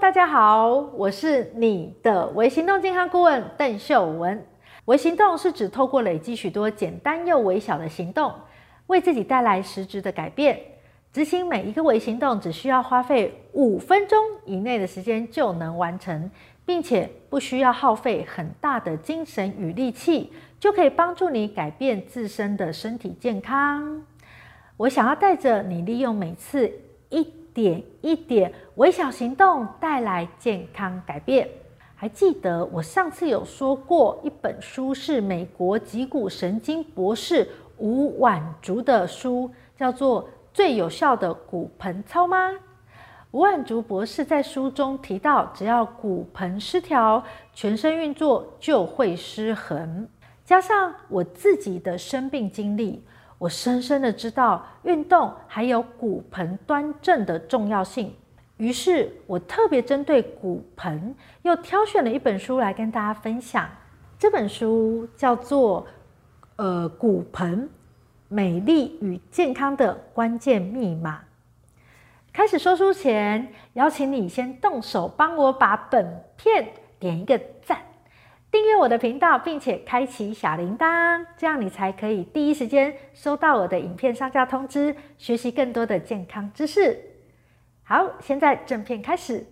大家好，我是你的微行動健康顧問鄧琇文。微行動是指透過累積許多簡單又微小的行動，為自己帶來實質的改變。執行每一個微行動只需要花費五分鐘以內的時間就能完成，並且不需要耗費很大的精神與力氣，就可以幫助你改變自身的身體健康。我想要帶着你利用每次一點一點，微小行動帶來健康改變。還記得我上次有說過，一本書是美國脊骨神經博士吳婉竹的書，叫做《最有效的骨盆操》嗎？吳婉竹博士在書中提到，只要骨盆失調，全身運作就會失衡。加上我自己的生病經歷。我深深的知道運動還有骨盆端正的重要性，於是我特別針對骨盆又挑選了一本書來跟大家分享。這本書叫做呃，《骨盆美麗與健康的關鍵密碼》。開始說書前，邀請你先動手幫我把本片點一個讚。訂閱我的頻道，並且開啟小鈴鐺，這樣你才可以第一時間收到我的影片上架通知，學習更多的健康知識。好，現在正片開始。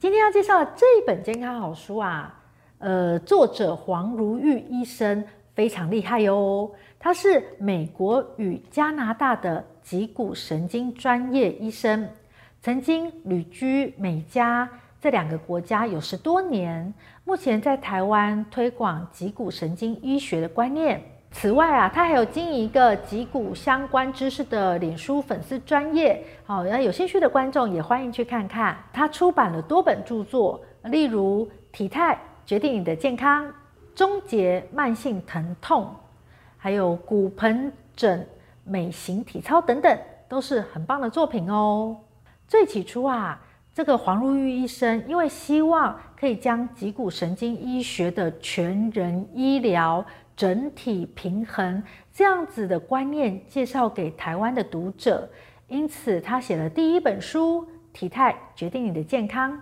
今天要介紹的這一本健康好書啊，呃，作者黃如玉醫生非常厲害喲、哦，他是美國與加拿大的脊骨神經專業醫生，曾經旅居美加。這兩個國家有十多年，目前在台灣推廣脊骨神經醫學的觀念。此外啊，他還有經營一個脊骨相關知識的臉書粉絲專頁。好、哦，然後有興趣的觀眾也歡迎去看看。他出版了多本著作，例如《體態決定你的健康》、《終結慢性疼痛》、還有《骨盆枕美型體操》等等，都是很棒的作品哦。最起初啊。這個黃如玉醫生，因為希望可以將脊骨神經醫學的全人醫療、整體平衡這樣子的觀念介紹給台灣的讀者，因此她寫了第一本書《體態決定你的健康》，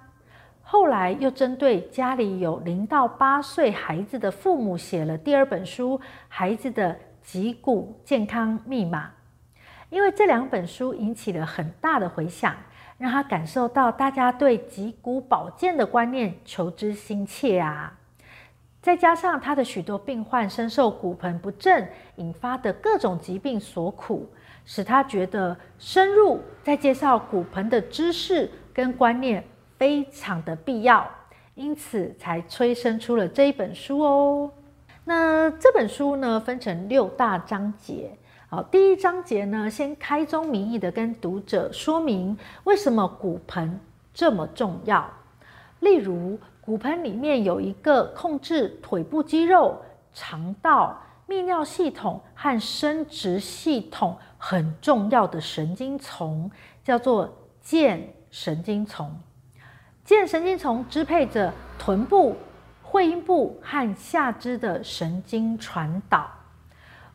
後來又針對家裡有零到八歲孩子的父母寫了第二本書《孩子的脊骨健康密碼》，因為這兩本書引起了很大的回響。讓他感受到大家對脊骨保健的觀念求知心切啊，再加上他的許多病患深受骨盆不正引發的各種疾病所苦，使他覺得深入再介紹骨盆的知識跟觀念非常的必要，因此才催生出了這一本書哦。那這本書呢，分成六大章節。好，第一章節呢，先開宗明義的跟讀者說明為什麼骨盆這麼重要。例如，骨盆裡面有一個控制腿部肌肉、腸道、泌尿系統和生殖系統很重要的神經叢，叫做薦神經叢。薦神經叢支配着臀部、會陰部和下肢的神經傳導。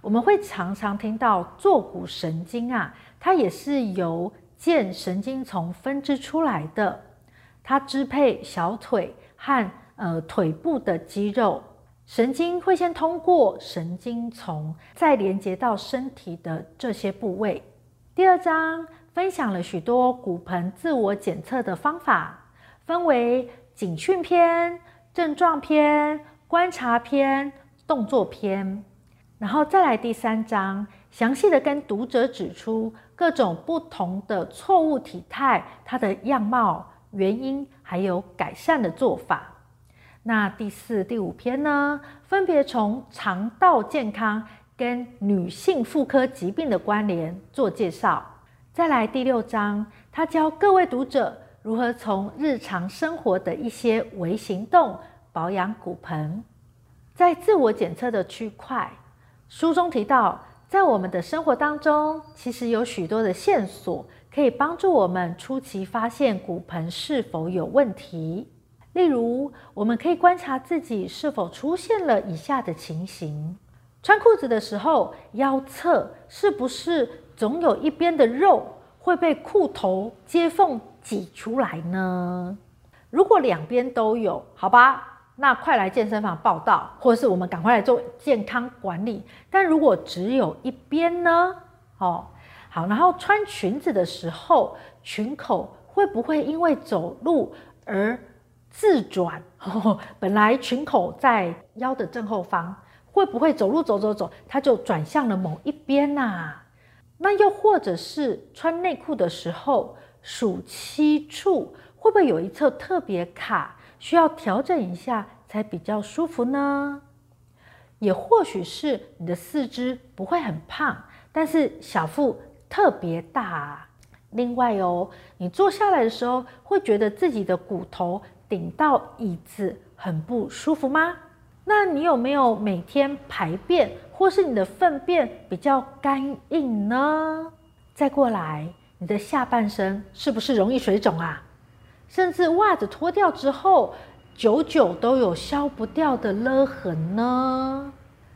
我們會常常聽到坐骨神經啊，它也是由薦神經叢分支出來的，它支配小腿和呃腿部的肌肉。神經會先通過神經叢，再連接到身體的這些部位。第二章分享了許多骨盆自我檢測的方法，分為警訊篇、症狀篇、觀察篇、動作篇。然後再來第三章，詳細地跟讀者指出各種不同的錯誤體態，它的樣貌、原因，還有改善的做法。那第四、第五篇呢，分別從腸道健康跟女性婦科疾病的關聯做介紹。再來第六章，他教各位讀者如何從日常生活的一些微行動保養骨盆，在自我檢測的區塊。書中提到，在我們的生活當中，其實有許多的線索可以幫助我們初期發現骨盆是否有問題。例如，我們可以觀察自己是否出現了以下的情形：穿褲子的時候，腰側是不是總有一邊的肉會被褲頭接縫擠出來呢？如果兩邊都有，好吧。那快來健身房報到，或者是我們趕快來做健康管理。但如果只有一邊呢？哦，好，然後穿裙子的時候，裙口會不會因為走路而自轉？哦，本來裙口在腰的正後方，會不會走路走走走，它就轉向了某一邊吶？啊？那又或者是穿內褲的時候，數七處會不會有一側特別卡？需要調整一下才比較舒服呢？也或許是你的四肢不會很胖，但是小腹特別大。另外哦，你坐下來的時候會覺得自己的骨頭頂到椅子很不舒服嗎？那你有沒有每天排便，或是你的糞便比較乾硬呢？再過來，你的下半身是不是容易水腫啊？甚至襪子脫掉之後，久久都有消不掉的勒痕呢。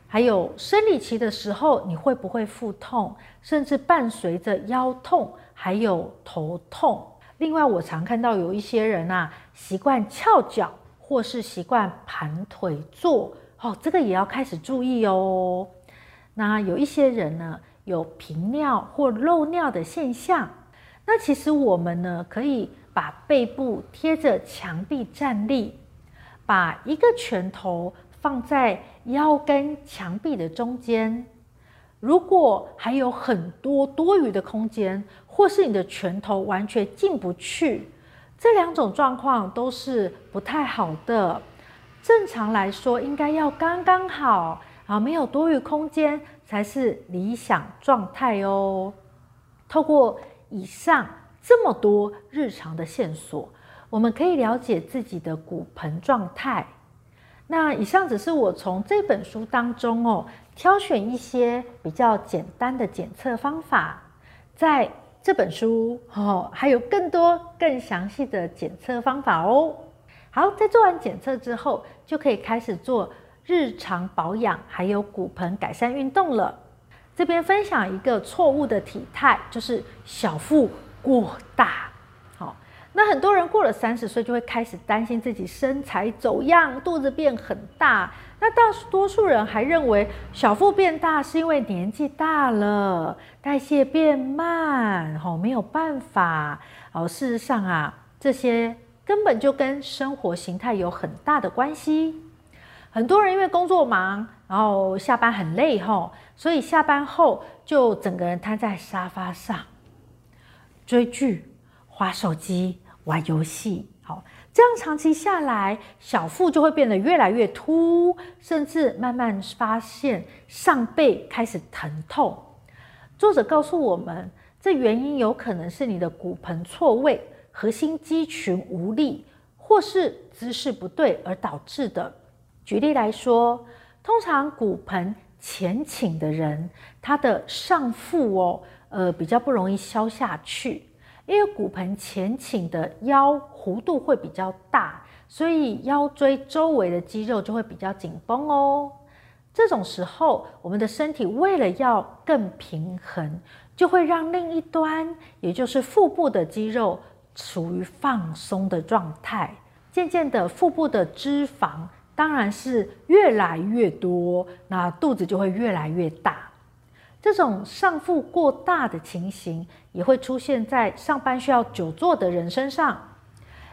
還有生理期的時候，你會不會腹痛，甚至伴隨着腰痛，還有頭痛？另外，我常看到有一些人啊，習慣翹腳，或是習慣盤腿坐，哦，這個也要開始注意哦。那有一些人呢，有頻尿或漏尿的現象，那其實我們呢，可以。把背部貼着牆壁站立，把一個拳頭放在腰跟牆壁的中間。如果還有很多多餘的空間，或是你的拳頭完全進不去，這兩種狀況都是不太好的。正常來說，應該要剛剛好啊，沒有多餘空間才是理想狀態哦。透過以上，這麼多日常的線索，我們可以了解自己的骨盆狀態。那以上只是我從這本書當中哦挑選一些比較簡單的檢測方法，在這本書哦還有更多更詳細的檢測方法哦。好，在做完檢測之後，就可以開始做日常保養，還有骨盆改善運動了。這邊分享一個錯誤的體態，就是小腹。過、哦、大，好、哦，那很多人過了三十歲就會開始擔心自己身材走樣，肚子變很大。那大多數人還認為小腹變大是因為年紀大了，代謝變慢，吼、哦、沒有辦法。哦，事實上啊，這些根本就跟生活形態有很大的關係。很多人因為工作忙，然後下班很累，吼、哦，所以下班後就整個人癱在沙發上。追劇、滑手機、玩遊戲，好，這樣長期下來，小腹就會變得越來越凸，甚至慢慢發現上背開始疼痛。作者告訴我們，這原因有可能是你的骨盆錯位、核心肌群無力，或是姿勢不對而導致的。舉例來說，通常骨盆前傾的人，他的上腹哦。呃，比較不容易消下去，因為骨盆前傾的腰弧度會比較大，所以腰椎周圍的肌肉就會比較緊繃哦。這種時候，我們的身體為了要更平衡，就會讓另一端，也就是腹部的肌肉處於放鬆的狀態。漸漸的，腹部的脂肪當然是越來越多，那肚子就會越來越大。這種上腹過大的情形，也會出現在上班需要久坐的人身上，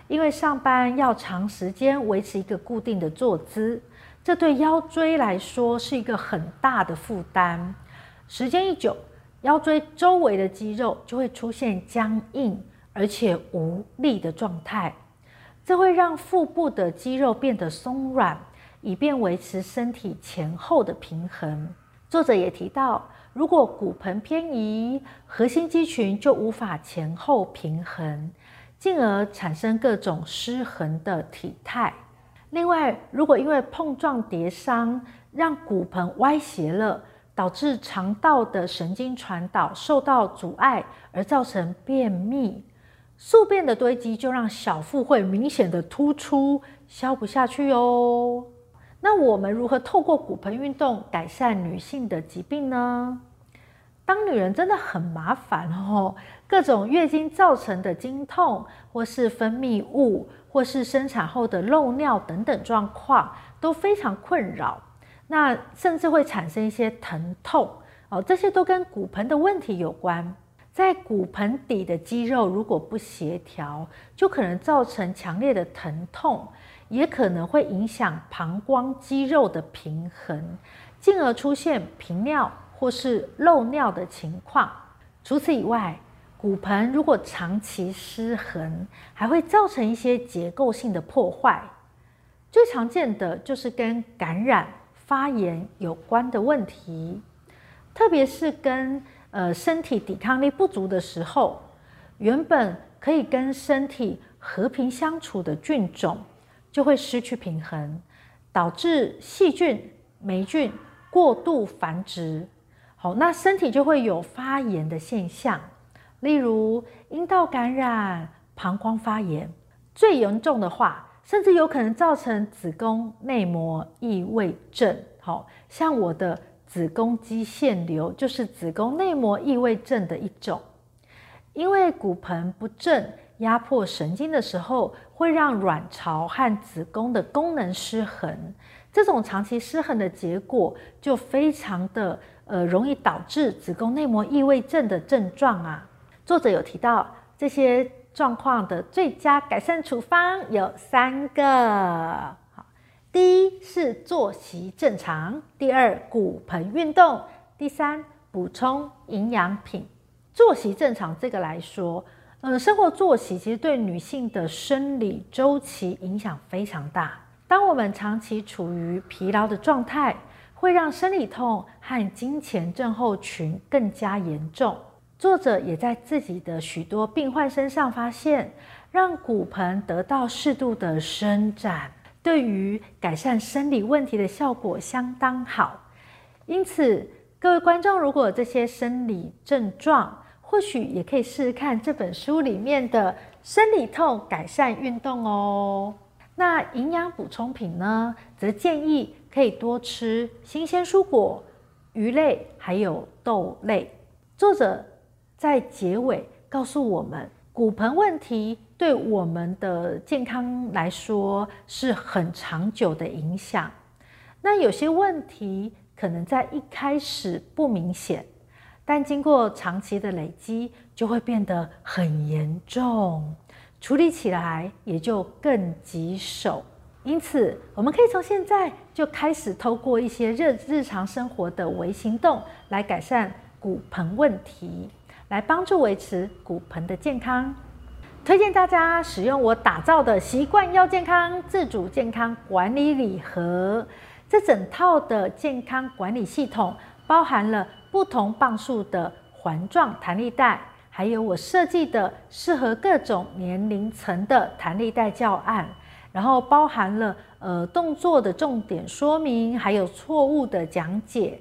因為上班要長時間維持一個固定的坐姿，這對腰椎來說是一個很大的負擔。時間一久，腰椎周圍的肌肉就會出現僵硬而且無力的狀態，這會讓腹部的肌肉變得鬆軟，以便維持身體前後的平衡。作者也提到。如果骨盆偏移，核心肌群就無法前後平衡，進而產生各種失衡的體態。另外，如果因為碰撞跌傷讓骨盆歪斜了，導致腸道的神經傳導受到阻礙，而造成便秘、宿便的堆積，就讓小腹會明顯的突出，消不下去哦。那我們如何透過骨盆運動改善女性的疾病呢？當女人真的很麻煩哦，各種月經造成的經痛，或是分泌物，或是生產後的漏尿等等狀況都非常困擾。那甚至會產生一些疼痛哦，這些都跟骨盆的問題有關。在骨盆底的肌肉如果不協調，就可能造成強烈的疼痛。也可能會影響膀胱肌肉的平衡，進而出現頻尿或是漏尿的情況。除此以外，骨盆如果長期失衡，還會造成一些結構性的破壞。最常見的就是跟感染、發炎有關的問題，特別是跟呃身體抵抗力不足的時候，原本可以跟身體和平相處的菌種。就會失去平衡，導致細菌、黴菌過度繁殖。好，那身體就會有發炎的現象，例如陰道感染、膀胱發炎。最嚴重的話，甚至有可能造成子宮內膜異位症。好像我的子宮肌腺瘤就是子宮內膜異位症的一種，因為骨盆不正，壓迫神經的時候，會讓卵巢和子宮的功能失衡。這種長期失衡的結果，就非常的呃容易導致子宮內膜異位症的症狀啊。作者有提到這些狀況的最佳改善處方有三個。好，第一是作息正常，第二骨盆運動，第三補充營養品。作息正常這個來說。嗯，生活作息其實對女性的生理周期影響非常大。當我們長期處於疲勞的狀態，會讓生理痛和經前症候群更加嚴重。作者也在自己的許多病患身上發現，讓骨盆得到適度的伸展，對於改善生理問題的效果相當好。因此，各位觀眾如果有這些生理症狀，或許也可以試試看這本書裡面的生理痛改善運動哦。那營養補充品呢，則建議可以多吃新鮮蔬果、魚類還有豆類。作者在結尾告訴我們，骨盆問題對我們的健康來說是很長久的影響。那有些問題可能在一開始不明顯。但經過長期的累積，就會變得很嚴重，處理起來也就更棘手。因此，我們可以從現在就開始，透過一些日日常生活的微行動，來改善骨盆問題，來幫助維持骨盆的健康。推薦大家使用我打造的習慣要健康自主健康管理禮盒，這整套的健康管理系統包含了。不同磅數的環狀彈力帶，還有我設計的適合各種年齡層的彈力帶教案，然後包含了呃動作的重點說明，還有錯誤的講解，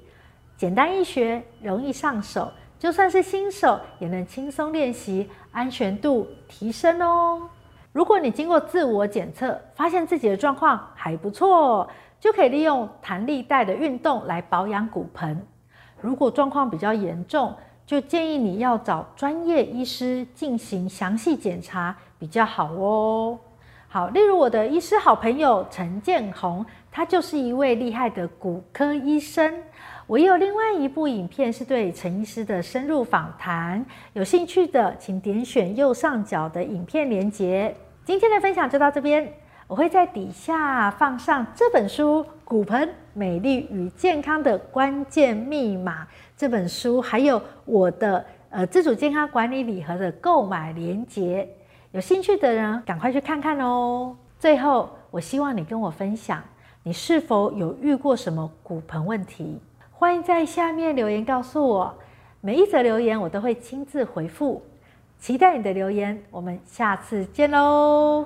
簡單易學，容易上手，就算是新手也能輕鬆練習，安全度提升哦。如果你經過自我檢測，發現自己的狀況還不錯，就可以利用彈力帶的運動來保養骨盆。如果狀況比較嚴重，就建議你要找專業醫師進行詳細檢查比較好哦。好，例如我的醫師好朋友陳建宏，他就是一位厲害的骨科醫生。我有另外一部影片是對陳醫師的深入訪談，有興趣的請點選右上角的影片連結。今天的分享就到這邊。我會在底下放上這本書《骨盆美麗與健康的關鍵密碼》這本書，還有我的呃自主健康管理禮盒的購買鏈接。有興趣的人趕快去看看哦。最後，我希望你跟我分享，你是否有遇過什麼骨盆問題？歡迎在下面留言告訴我，每一則留言我都會親自回復。期待你的留言，我們下次見嘍。